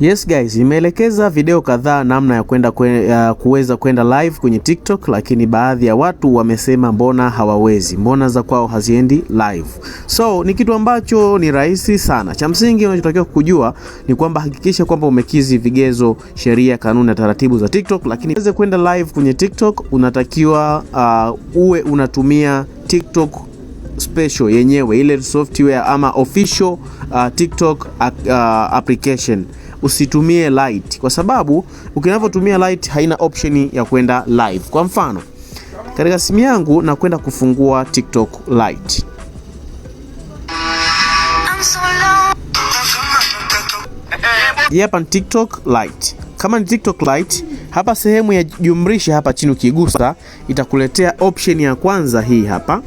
Yes guys, nimeelekeza video kadhaa namna ya kwenda kuweza kwenda live kwenye TikTok, lakini baadhi ya watu wamesema mbona hawawezi, mbona za kwao haziendi live. So ni kitu ambacho ni rahisi sana. Cha msingi unachotakiwa kujua ni kwamba hakikisha kwamba umekizi vigezo, sheria, kanuni na taratibu za TikTok, lakini uweze kwenda live kwenye TikTok unatakiwa uh, uwe unatumia TikTok special yenyewe ile software ama official uh, TikTok uh, application usitumie light, kwa sababu ukinavyotumia light haina option ya kwenda live. Kwa mfano katika simu yangu nakwenda kufungua TikTok Lite. Hii hapa ni TikTok Lite. Kama ni TikTok Lite, hapa sehemu ya jumlisha hapa chini ukigusa itakuletea option ya kwanza hii hapa.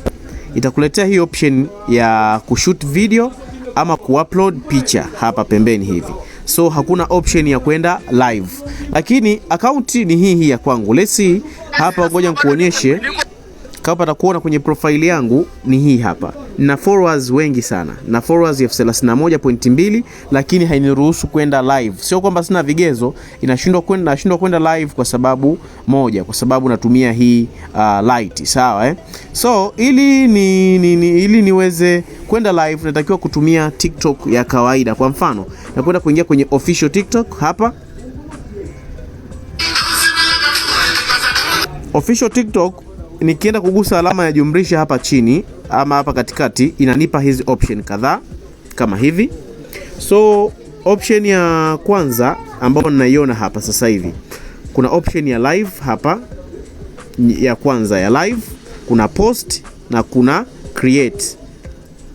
Itakuletea hii option ya kushoot video ama kuupload picha hapa pembeni hivi, so hakuna option ya kwenda live, lakini akaunti ni hii hii ya kwangu. Let's see hapa, ngoja nikuonyeshe kama patakuona kwenye profile yangu ni hii hapa na followers wengi sana na followers 31.2 lakini hainiruhusu kwenda live. Sio kwamba sina vigezo, inashindwa kwenda, nashindwa kwenda live kwa sababu moja, kwa sababu natumia hii uh, light sawa eh? So ili ni, ni, ni, ili niweze kwenda live natakiwa kutumia TikTok ya kawaida. Kwa mfano, nakwenda kuingia kwenye official TikTok hapa. Official TikTok nikienda kugusa alama ya jumlisha hapa chini ama hapa katikati, inanipa hizi option kadhaa kama hivi. So option ya kwanza ambayo ninaiona hapa sasa hivi, kuna option ya live hapa ya kwanza ya live, kuna post na kuna create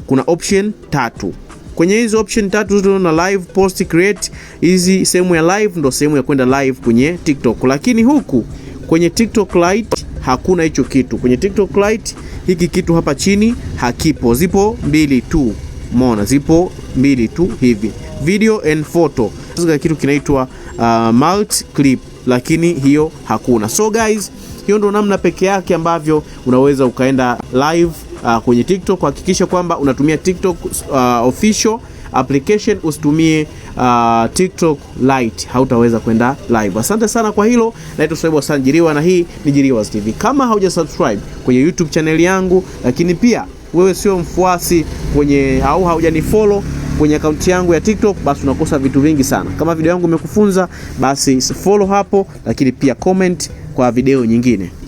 kuna option tatu. Kwenye hizi option tatu tunaona live post create, hizi sehemu ya live ndo sehemu ya kwenda live kwenye TikTok, lakini huku kwenye TikTok Lite hakuna hicho kitu. Kwenye TikTok Lite hiki kitu hapa chini hakipo, zipo mbili tu, umeona, zipo mbili tu hivi, video and photo. Sasa kitu kinaitwa uh, multi clip, lakini hiyo hakuna. So guys, hiyo ndo namna peke yake ambavyo unaweza ukaenda live uh, kwenye TikTok. Hakikisha kwamba unatumia TikTok uh, official application, usitumie uh, TikTok Lite, hautaweza kwenda live. Asante sana kwa hilo. Naitwa Swaibu Hassan Jiriwa na hii ni Jiriwa TV. Kama hauja subscribe kwenye YouTube channel yangu, lakini pia wewe sio mfuasi kwenye au haujanifollow kwenye akaunti yangu ya TikTok, basi unakosa vitu vingi sana. Kama video yangu imekufunza, basi follow hapo, lakini pia comment kwa video nyingine.